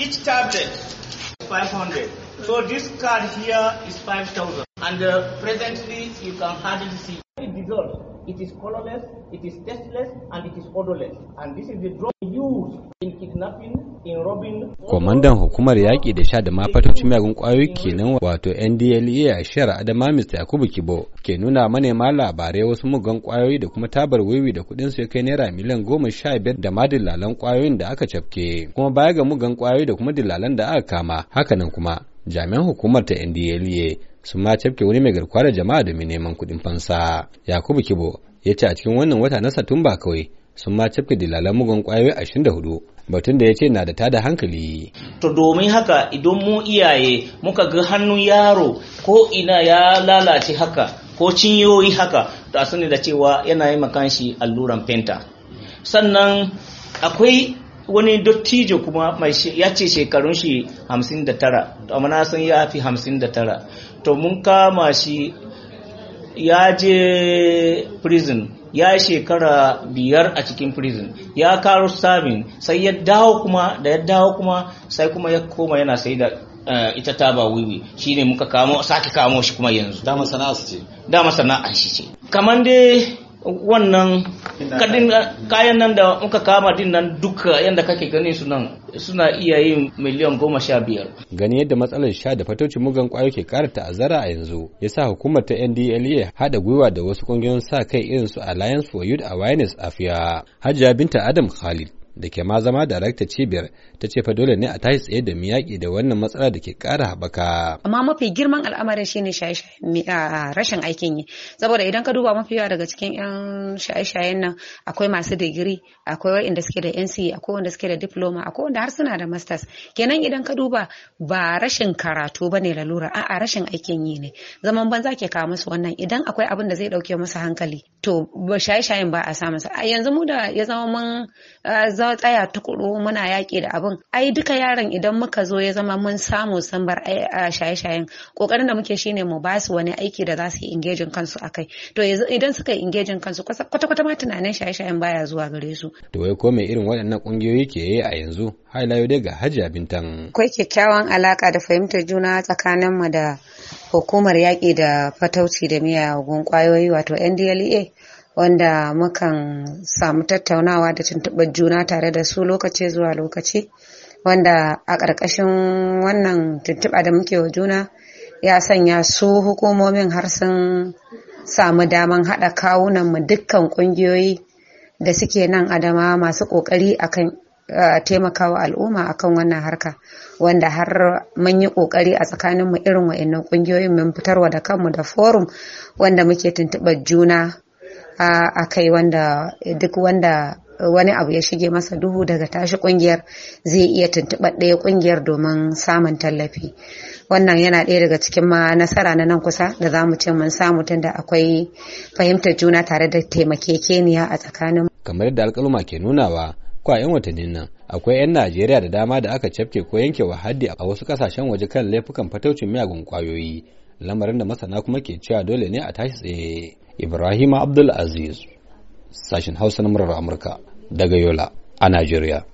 Each tablet is 500. So this card here is 5,000. And uh, presently, you can hardly see. It dissolves. It is colorless, it is tasteless, and it is odorless. And this is the drug used Kwamandan hukumar yaƙi da sha da ma miyagun ƙwayoyi kenan wato NDLEA a shiyar Adama Mr. Yakubu Kibo ke nuna manema labarai wasu mugan ƙwayoyi da kuma tabar wiwi da kuɗin su ya kai naira miliyan goma sha biyar da ma dillalan ƙwayoyin da aka cafke kuma baya ga mugan ƙwayoyi da kuma dillalan da aka kama hakanan kuma jami'an hukumar ta NDLEA sun ma cafke wani mai garkuwa da jama'a domin neman kuɗin fansa. Yakubu Kibo ya ce a cikin wannan wata na Satumba kawai sun ma cafke dillalan mugan ƙwayoyi ashirin da hudu batun da ya ce na da tada hankali. To domin haka idan mu iyaye muka ga hannun yaro ko ina ya lalace haka ko cinyoyi haka da sani da cewa yana yi makanshi alluran fenta. Sannan akwai wani dottijo kuma mai ya ce shekarun shi 59 amma na san ya fi 59 to mun kama shi ya je prison ya shekara biyar a cikin prison ya karo sabin sai ya dawo kuma da ya dawo kuma sai kuma ya koma yana sai da eh, ita taba wiwi shine muka kamo sake kamo shi kuma yanzu dama sana'a ce dama sana'a shi ce kamar dai wannan kadin kayan nan da muka kama din nan duka yadda kake gani su nan suna iya yin miliyan goma sha biyar gani yadda matsalar sha da fataucin mugan kwayo ke kara ta'azzara a yanzu ya sa hukumar ta NDLA haɗa gwiwa da wasu kungiyoyin sa kai irin su Alliance for Youth Awareness Afiya Hajiya binta Adam Khalid da ke ma zama darakta cibiyar ta ce fa dole ne a tashi tsaye da miyaki da wannan matsala da ke kara haɓaka. Amma mafi girman al'amarin shine rashin aikin yi saboda idan ka duba mafi yawa daga cikin 'yan shaye-shayen nan akwai masu digiri akwai wa'inda suke da NC e, akwai wanda suke da diploma akwai wanda har suna da masters kenan idan ka duba ba rashin karatu ba ne lalura a'a rashin aikin yi ne zaman banza ke kawo musu wannan idan akwai abin da zai dauke musu hankali to shaye-shayen ba a sa masa yanzu mu da ya zama mun tsaya tukuru muna yaƙi da abin ai duka yaran idan muka zo ya zama mun samu sambar bar eh, shaye-shayen kokarin da muke shine mu ba su wani aiki da za su yi ingejin kansu akai to idan suka yi ingejin kansu kwata-kwata ma tunanin shaye-shayen baya zuwa gare su to wai ko me irin waɗannan ƙungiyoyi ke yi a yanzu har layo dai ga Hajiya Bintan akwai kyakkyawan alaka da fahimtar juna tsakanin mu da hukumar yaƙi da fatauci da miyagun kwayoyi wato NDLEA wanda mukan samu tattaunawa da tuntuɓar juna tare da su lokaci zuwa lokaci wanda a ƙarƙashin wannan tuntuɓa da muke wa juna ya sanya su hukumomin har sun samu daman haɗa kawunanmu dukkan ƙungiyoyi da suke nan adama masu ƙoƙari akan taimakawa al'umma akan wannan harka wanda har mun yi ƙoƙari a tsakaninmu irin wa'annan ƙungiyoyin mun fitarwa da kanmu da forum wanda muke tuntuɓar juna a kai wanda duk wanda wani abu ya shige masa duhu daga tashi kungiyar zai iya tuntuɓar ɗaya kungiyar domin samun tallafi wannan yana ɗaya daga cikin ma nasara na nan kusa da za mu ce mun samu tunda akwai fahimtar juna tare da taimakekeniya a tsakanin kamar yadda alƙaluma ke nunawa kwa 'yan watannin nan akwai 'yan najeriya da dama da aka cafke ko yanke wa haddi a wasu kasashen waje kan laifukan fataucin miyagun kwayoyi lamarin da masana kuma ke cewa dole ne a tashi tsaye Ibrahim Abdul Aziz, sashen Hausa na murar Amurka daga Yola a Najeriya.